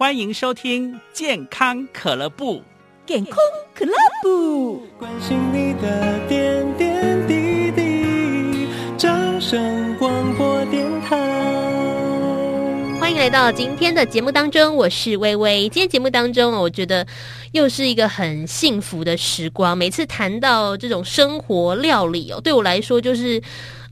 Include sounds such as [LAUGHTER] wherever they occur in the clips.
歡迎收聽健康可樂部，健康可樂部，關心你的點點滴滴，掌聲廣播電台。歡迎來到今天的節目當中，我是微微。今天節目當中，我覺得又是一個很幸福的時光。每次談到這種生活料理哦，對我來說就是。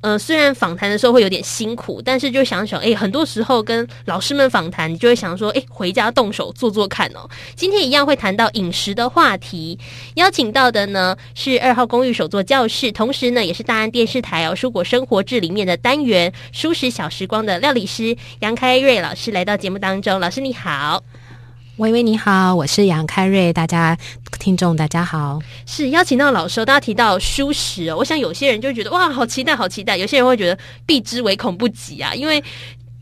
呃，雖然訪談的時候會有點辛苦，但是就想想，哎，很多時候跟老師們訪談，你就會想說，哎，回家動手做做看哦。今天一樣會談到飲食的話題，邀請到的呢是二號公寓手作教室，同時呢也是大安電視台哦《哦蔬果生活志》裡面的單元“蔬食小時光”的料理師楊開瑞老師來到節目當中。老師你好。喂喂，你好，我是楊開瑞，大家聽眾大家好，是邀請到老師，大家提到蔬食哦，我想有些人就會覺得哇，好期待，好期待，有些人會覺得避之唯恐不及啊，因為。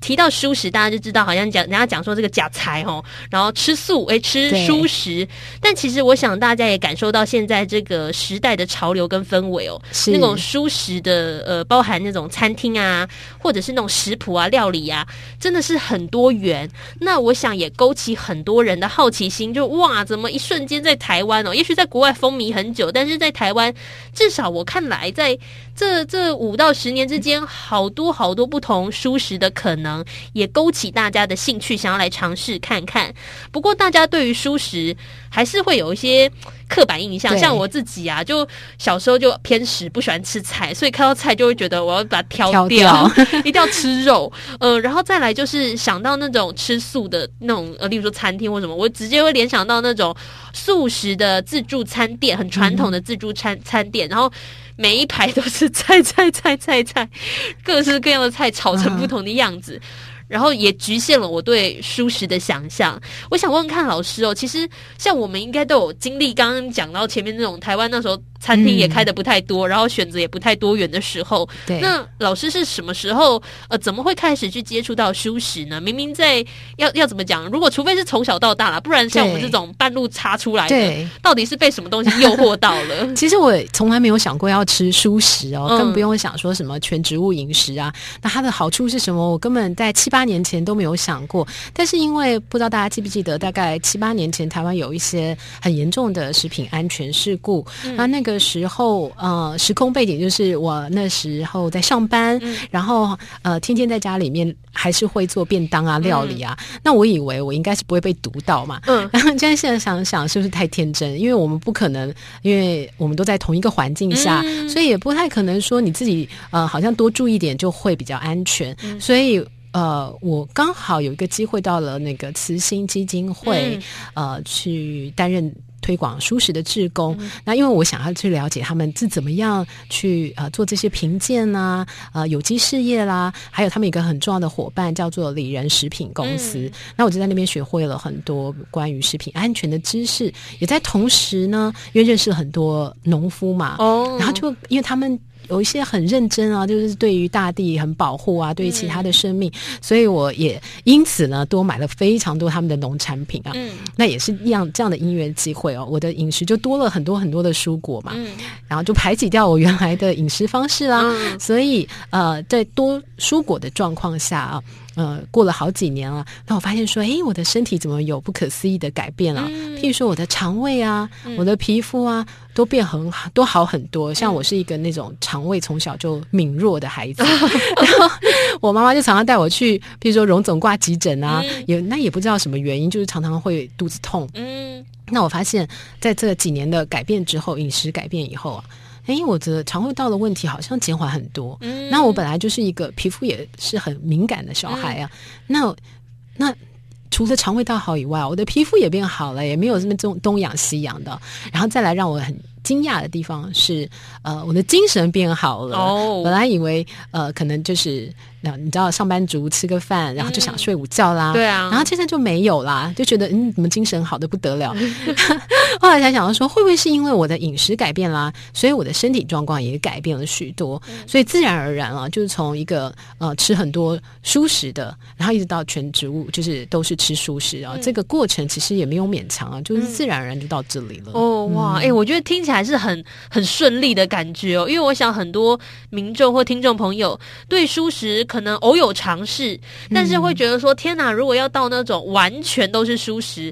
提到蔬食，大家就知道好像講人家講說這個假財吼，然後吃素，哎、欸，吃蔬食。對但其實我想大家也感受到現在這個時代的潮流跟氛圍哦、喔，是那種蔬食的呃，包含那種餐廳啊，或者是那種食譜啊、料理啊，真的是很多元。那我想也勾起很多人的好奇心，就哇，怎麼一瞬間在台灣哦、喔？也許在國外風靡很久，但是在台灣，至少我看來，在這這五到十年之間，嗯、好多好多不同蔬食的可能。能也勾起大家的興趣，想要來嘗試看看。不過，大家對於素食還是會有一些刻板印象。對像我自己啊，就小時候就偏食，不喜歡吃菜，所以看到菜就會覺得我要把它挑掉，挑掉 [LAUGHS] 一定要吃肉。嗯、呃，然後再來就是想到那種吃素的那種呃，例如說餐廳或什麼，我直接會聯想到那種素食的自助餐店，很傳統的自助餐、嗯、餐店，然後。每一排都是菜菜菜菜菜，各式各樣的菜炒成不同的樣子。啊啊然後也局限了我對蔬食的想象。我想問看老師哦，其實像我們應該都有經歷，剛剛講到前面那種台灣那時候餐廳也開的不太多，嗯、然後選擇也不太多元的時候。對。那老師是什麼時候呃，怎麼會開始去接觸到蔬食呢？明明在要要怎麼講？如果除非是從小到大啦，不然像我們這種半路插出來的，對到底是被什麼東西誘惑到了？其實我從來沒有想過要吃蔬食哦，更、嗯、不用想說什麼全植物飲食啊。那它的好處是什麼？我根本在七八。八年前都沒有想過，但是因為不知道大家記不記得，大概七八年前台灣有一些很嚴重的食品安全事故。嗯、那那個時候，呃，時空背景就是我那時候在上班，嗯、然後呃，天天在家裡面還是會做便當啊、料理啊。嗯、那我以為我應該是不會被毒到嘛。嗯，然後在現在想想是不是太天真。因為我們不可能，因為我們都在同一個環境下，嗯、所以也不太可能說你自己呃，好像多注意點就會比較安全。嗯、所以。呃，我剛好有一個機會到了那個慈心基金會，嗯、呃，去擔任推廣蔬食的志工。嗯、那因為我想要去了解他們是怎麼樣去呃做這些評鑑啦、呃有機事業啦，還有他們一個很重要的夥伴叫做里仁食品公司。嗯、那我就在那邊學會了很多關於食品安全的知識，也在同時呢，因為認識了很多農夫嘛，哦，然後就因為他們。有一些很認真啊，就是對於大地很保護啊，對於其他的生命，嗯。所以我也因此呢，多買了非常多他們的農產品啊。嗯，那也是一樣這樣的因緣機會哦。我的飲食就多了很多很多的蔬果嘛，嗯，然後就排擠掉我原來的飲食方式啦啊。嗯。所以呃，在多蔬果的狀況下啊。呃，過了好幾年了，那我發現說，誒，我的身體怎麼有不可思議的改變啊？嗯、譬如說，我的腸胃啊，嗯、我的皮膚啊，都變很都好很多。像我是一個那種腸胃從小就敏弱的孩子，嗯、然後我媽媽就常常帶我去，譬如說榮總掛急診啊，嗯、也那也不知道什麼原因，就是常常會肚子痛。嗯，那我發現在這幾年的改變之後，飲食改變以後啊。哎，我覺得腸胃道的問題好像減緩很多。嗯，那我本來就是一個皮膚也是很敏感的小孩啊。哎、那那除了腸胃道好以外，我的皮膚也變好了，也沒有什麼東東癢西癢的。然後再來讓我很驚訝的地方是，呃，我的精神變好了。哦，本來以為呃，可能就是。你知道上班族吃個飯，然後就想睡午覺啦，嗯、對啊，然後現在就沒有啦，就覺得嗯，怎麼精神好的不得了？ [LAUGHS] 後來才想到說，會不會是因為我的飲食改變啦，所以我的身體狀況也改變了許多，嗯、所以自然而然啊，就是從一個呃吃很多蔬食的，然後一直到全植物，就是都是吃蔬食啊，嗯、這個過程其實也沒有勉強啊，就是自然而然就到這裡了。嗯、哦，哇，哎、嗯欸，我覺得聽起來是很很順利的感覺哦，因為我想很多民眾或聽眾朋友對蔬食。可能偶有嘗試，但是會覺得說天哪！如果要到那種完全都是蔬食，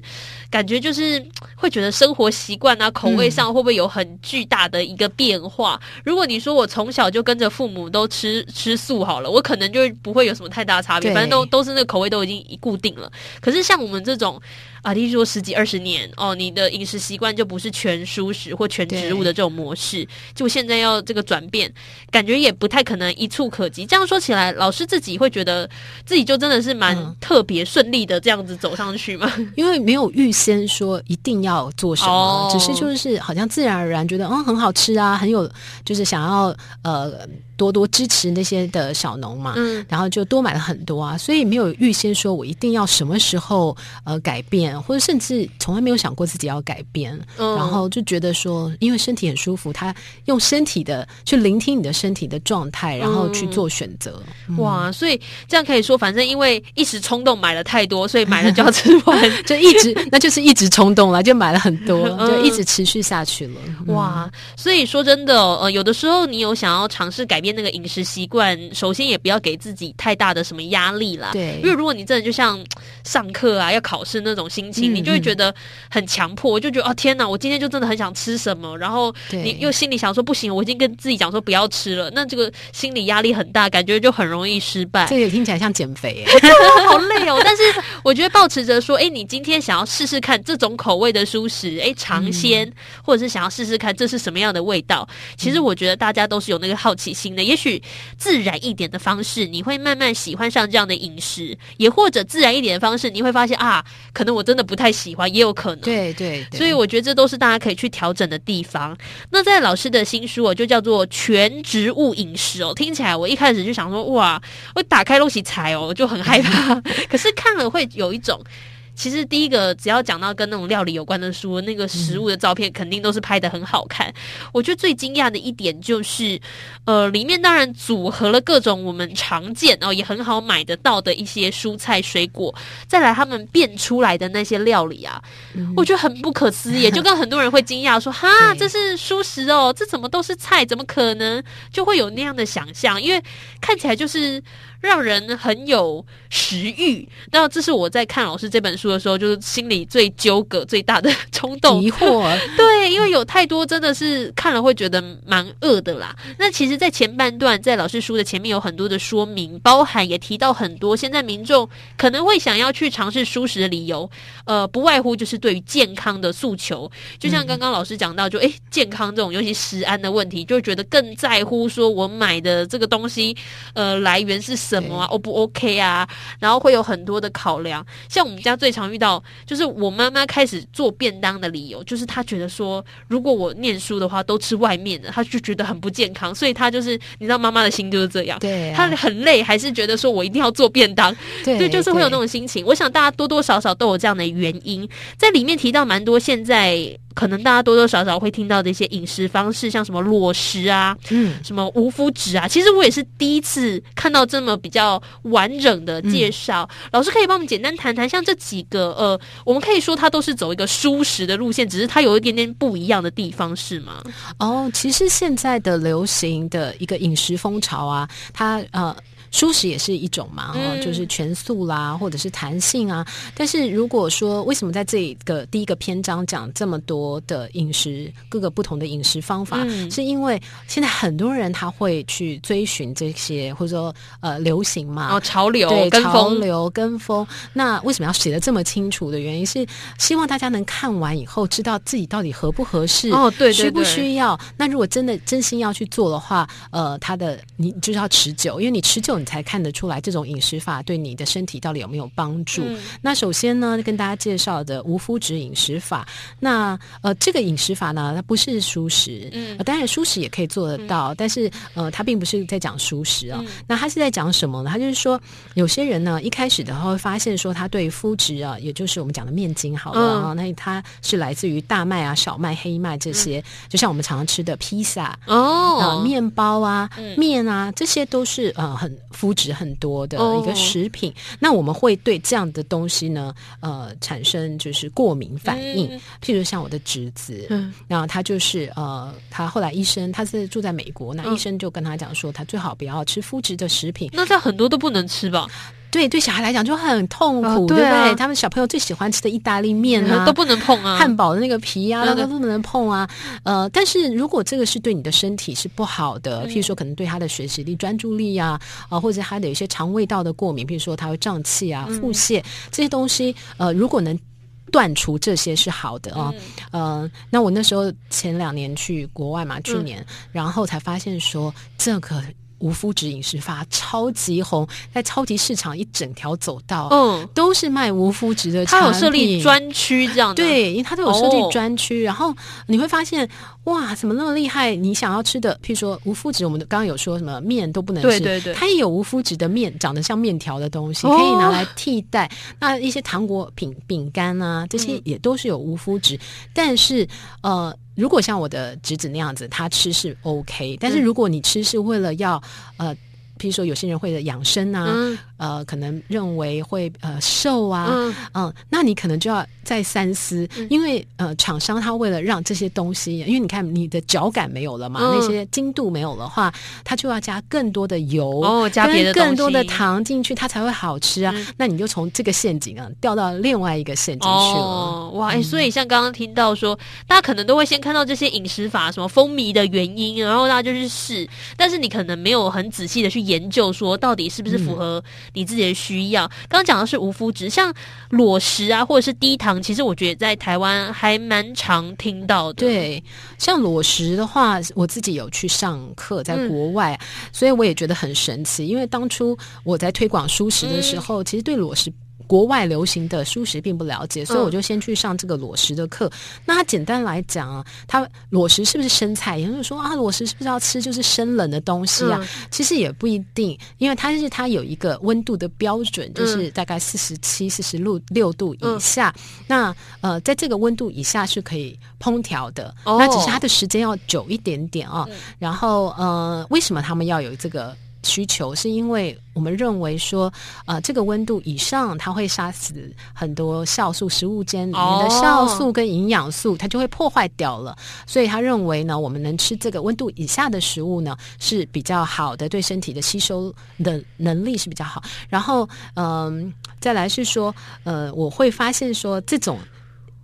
感覺就是會覺得生活習慣啊、口味上會不會有很巨大的一個變化？嗯、如果你說我從小就跟着父母都吃吃素好了，我可能就不會有什麼太大的差別，對反正都都是那個口味都已經固定了。可是像我們這種。啊，你說十幾二十年哦，你的飲食習慣就不是全蔬食或全植物的這種模式，對就現在要這個轉變，感覺也不太可能一蹴可及。這樣說起來，老師自己會覺得自己就真的是蠻特別順利的這樣子走上去嗎？嗯、因為沒有預先說一定要做什麼，哦、只是就是好像自然而然覺得，嗯，很好吃啊，很有，就是想要呃。多多支持那些的小農嘛，嗯、然後就多買了很多啊，所以沒有預先說我一定要什麼時候呃改變，或者甚至從來沒有想過自己要改變，嗯、然後就覺得說因為身體很舒服，他用身體的去聆聽你的身體的狀態，然後去做選擇。嗯嗯、哇，所以這樣可以說，反正因為一時衝動買了太多，所以買了就要吃完，嗯、就一直 [LAUGHS] 那就是一直衝動了，就買了很多，就一直持續下去了。嗯嗯、哇，所以說真的、哦，呃，有的時候你有想要嘗試改。邊那個飲食習慣，首先也不要給自己太大的什麼壓力啦。對，因為如果你真的就像上課啊，要考試那種心情，嗯、你就會覺得很強迫。我、嗯、就覺得哦，天哪，我今天就真的很想吃什麼。然後你又心裡想說，不行，我已經跟自己講說不要吃了。那這個心理壓力很大，感覺就很容易失敗。這也聽起來像減肥、欸， [LAUGHS] 好累哦。但是我覺得抱持着說，哎、欸，你今天想要試試看這種口味的蔬食，哎、欸，嘗鮮，嗯、或者是想要試試看這是什麼樣的味道。嗯、其實我覺得大家都是有那個好奇心。那也許自然一點的方式，你會慢慢喜歡上這樣的飲食，也或者自然一點的方式，你會發現啊，可能我真的不太喜歡，也有可能。對對，對對，所以我覺得這都是大家可以去調整的地方。那在老師的新書哦，就叫做《全植物飲食》哦，聽起來我一開始就想說哇，我打開東西才哦，我就很害怕。 [LAUGHS] 可是看了會有一種。其實第一個，只要講到跟那種料理有關的書，那個食物的照片肯定都是拍得很好看。嗯、我覺得最驚訝的一點就是，呃，裡面當然組合了各種我們常見哦，也很好買得到的一些蔬菜水果，再來他們變出來的那些料理啊，嗯、我覺得很不可思議。就跟很多人會驚訝說：“哈， [LAUGHS] 這是蔬食哦，這怎麼都是菜？怎麼可能就會有那樣的想象？因為看起來就是讓人很有食欲。”那這是我在看老師這本書。的時候，就是心裡最糾葛、最大的衝 [LAUGHS] 衝動、疑惑，對，因為有太多真的是看了會覺得蠻餓的啦。那其實，在前半段，在老師書的前面，有很多的說明，包含也提到很多現在民眾可能會想要去嘗試蔬食的理由，呃，不外乎就是對於健康的訴求。就像剛剛老師講到，就哎、欸，健康這種，尤其食安的問題，就會覺得更在乎說我買的這個東西，呃，來源是什麼，O、啊、不 OK 啊？然後會有很多的考量，像我們家最。常遇到就是我媽媽開始做便當的理由，就是她覺得說，如果我念書的話都吃外面的，她就覺得很不健康，所以她就是你知道，媽媽的心就是這樣，對啊，她很累，還是覺得說我一定要做便當，對，就是會有那種心情。對我想大家多多少少都有這樣的原因，在裡面提到蠻多現在。可能大家多多少少會聽到的一些飲食方式，像什麼裸食啊，嗯，什麼無麩質啊，其實我也是第一次看到這麼比較完整的介紹。嗯、老師可以幫我們簡單談談，像這幾個呃，我們可以說它都是走一個素食的路線，只是它有一點點不一樣的地方，是嗎？哦，其實現在的流行的一個飲食風潮啊，它呃。蔬食也是一種嘛，然、嗯哦、就是全素啦，或者是彈性啊。但是如果說，為什麼在這個第一個篇章，講這麼多的飲食，各個不同的飲食方法，嗯、是因為現在很多人他會去追尋這些，或者說呃流行嘛，哦、潮流，對跟風潮流，跟風。那為什麼要寫的這麼清楚的原因是，希望大家能看完以後知道自己到底合不合適哦，對，對，對，對需不需要。那如果真的真心要去做的話，呃，他的你就是要持久，因為你持久，才看得出來這種飲食法對你的身體到底有沒有幫助？嗯、那首先呢，跟大家介紹的無麩質飲食法，那呃，這個飲食法呢，它不是蔬食，嗯、呃，當然蔬食也可以做得到，嗯、但是呃，它並不是在講蔬食啊、哦。嗯、那它是在講什麼呢？它就是說，有些人呢，一開始的話會發現說，他對麩質啊，也就是我們講的麵筋好了、啊嗯、那它是來自於大麥啊、小麥、黑麥這些，嗯、就像我們常常吃的披薩哦、啊、麵包啊、麵、嗯、啊，這些都是呃很。麩質很多的一個食品，哦、那我們會對這樣的東西呢，呃，產生就是過敏反應。嗯、譬如像我的侄子，嗯，那他就是呃，他後來醫生他是住在美國，那醫生就跟他講說，他最好不要吃麩質的食品。嗯、那他很多都不能吃吧？對對，對小孩來講就很痛苦，哦對，啊、對不對？他們小朋友最喜歡吃的意大利麵呢、啊嗯，都不能碰啊；漢堡的那個皮啊，嗯嗯、都不能碰啊。呃，但是如果這個是對你的身體是不好的，嗯、譬如說可能對他的學習力、專注力呀、啊，啊、呃，或者他的有些腸胃道的過敏，譬如說他會脹氣啊、腹瀉、嗯、這些東西，呃，如果能斷除這些是好的啊。呃、嗯、呃，那我那時候前兩年去國外嘛，去年，嗯、然後才發現說這個。無麩質飲食法超級紅，在超級市場一整條走道，嗯，都是賣無麩質的。它有設立專區，這樣的對，因為它都有設立專區。哦、然後你會發現，哇，怎麼那麼厲害？你想要吃的，譬如說無麩質，我們剛剛有說什麼麵都不能吃，對對對，它也有無麩質的麵，長得像麵條的東西，可以拿來替代。哦、那一些糖果餅餅乾啊，這些也都是有無麩質，嗯、但是呃。如果像我的侄子那樣子，他吃是 OK，但是如果你吃是為了要，嗯、呃，譬如說有些人會的養生啊。嗯呃，可能認為會呃瘦啊，嗯、呃，那你可能就要再三思，嗯、因為呃，廠商他為了讓這些東西，因為你看你的腳感沒有了嘛，嗯、那些精度沒有的話，他就要加更多的油，哦、加別的更多的糖進去，它才會好吃啊。嗯、那你就從這個陷阱啊掉到另外一個陷阱去了，哦、哇、嗯欸！所以像剛剛聽到說，大家可能都會先看到這些飲食法什麼風靡的原因，然後大家就去試，但是你可能沒有很仔細的去研究說到底是不是符合、嗯。你自己的需要。剛剛講的是無麩質，像裸食啊，或者是低糖，其實我覺得在台灣還蠻常聽到的。對，像裸食的話，我自己有去上課，在國外，嗯、所以我也覺得很神奇。因為當初我在推廣蔬食的時候，嗯、其實對裸食。國外流行的蔬食並不了解，所以我就先去上這個裸食的課。嗯、那它簡單來講啊，它裸食是不是生菜？也就是說啊，裸食是不是要吃就是生冷的東西啊？嗯、其實也不一定，因為它是它有一個溫度的標準，就是大概四十七、四十六六度以下。嗯、那呃，在這個溫度以下是可以烹調的，哦、那只是它的時間要久一點點啊、哦。嗯、然後呃，為什麼他們要有這個？需求是因為我們認為說，呃，這個溫度以上它會殺死很多酵素，食物間裡面、哦、的酵素跟營養素它就會破壞掉了，所以他認為呢，我們能吃這個溫度以下的食物呢是比較好的，對身體的吸收的能力是比較好。然後，嗯、呃，再來是說，呃，我會發現說這種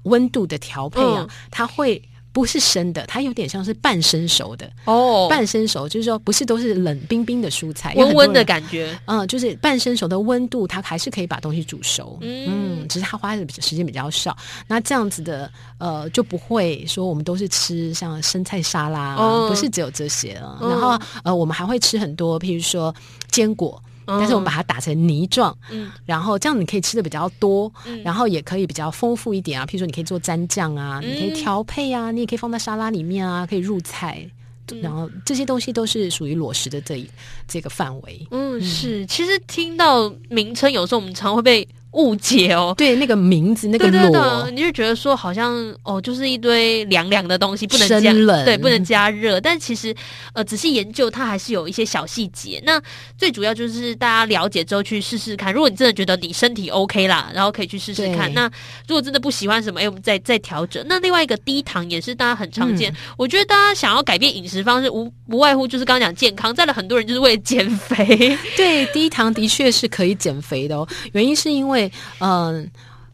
溫度的調配啊，嗯、它會。不是生的，它有點像是半生熟的哦，oh, 半生熟就是說不是都是冷冰冰的蔬菜，溫溫的感覺，嗯、呃，就是半生熟的溫度，它還是可以把東西煮熟，嗯，嗯，只是它花的時間比較少。那這樣子的呃，就不會說我們都是吃像生菜沙拉，oh, 不是只有這些、oh. 然後呃，我們還會吃很多，譬如說堅果。但是我們把它打成泥狀，嗯，然後這樣你可以吃的比較多，嗯、然後也可以比較豐富一點啊。譬如說，你可以做蘸醬啊，嗯、你可以調配啊，你也可以放在沙拉裡面啊，可以入菜。嗯、然後這些東西都是屬於裸食的這一這個範圍。嗯，嗯是。其實聽到名稱，有時候我們常會被。誤解哦，對那個名字那個螺，你就覺得說好像哦，就是一堆涼涼的東西，不能加冷，對，不能加熱。但其實呃，仔細研究它還是有一些小細節。那最主要就是大家了解之後去試試看。如果你真的覺得你身體 OK 啦，然後可以去試試看。對那如果真的不喜歡什麼，哎，我們再再調整。那另外一個低糖也是大家很常見。嗯、我覺得大家想要改變飲食方式，無不外乎就是剛剛講健康，再來很多人就是為了減肥。對，低糖的確是可以減肥的哦， [LAUGHS] 原因是因為。對，嗯。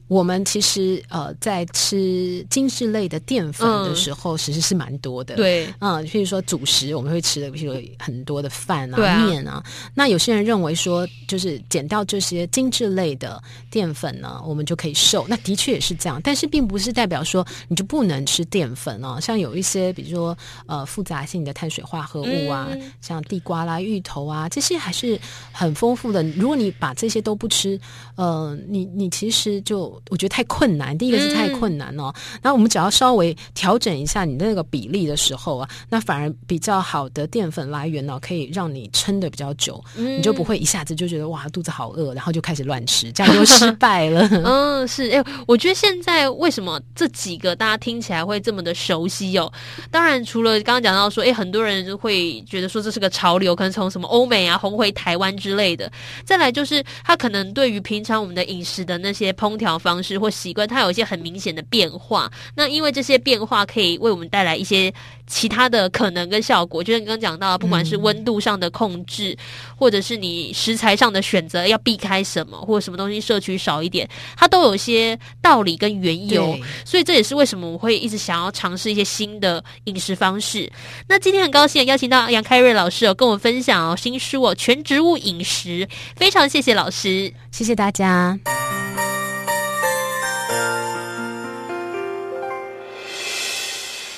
我們其實呃，在吃精致類的澱粉的時候，其實是蠻多的，嗯。對，嗯、呃，比如說主食，我們會吃的，比如說很多的飯啊、啊麵啊。那有些人認為說，就是減掉這些精致類的澱粉呢，我們就可以瘦。那的確也是這樣，但是並不是代表說你就不能吃澱粉哦、啊。像有一些，比如說呃，複雜性的碳水化合物啊，嗯、像地瓜啦、芋頭啊，這些還是很豐富的。如果你把這些都不吃，呃，你你其實就。我覺得太困難，第一個是太困難哦。那、嗯、我們只要稍微調整一下你的那個比例的時候啊，那反而比較好的澱粉來源呢，可以讓你撐得比較久，嗯、你就不會一下子就覺得哇肚子好餓，然後就開始亂吃，這樣就失敗了。 [LAUGHS] 嗯，是哎、欸，我覺得現在為什麼這幾個大家聽起來會這麼的熟悉哦？當然，除了剛剛講到說，哎、欸，很多人就會覺得說這是個潮流，可能從什麼歐美啊紅回台灣之類的。再來就是，他可能對於平常我們的飲食的那些烹調。方式或習慣，它有一些很明顯的變化。那因為這些變化可以為我們帶來一些其他的可能跟效果，就像你剛剛講到，不管是溫度上的控制，嗯、或者是你食材上的選擇，要避開什麼，或者什麼東西攝取少一點，它都有些道理跟緣由。對所以這也是為什麼我會一直想要嘗試一些新的飲食方式。那今天很高興邀請到楊開瑞老師有、哦、跟我們分享、哦、新書哦《全植物飲食》，非常謝謝老師，謝謝大家。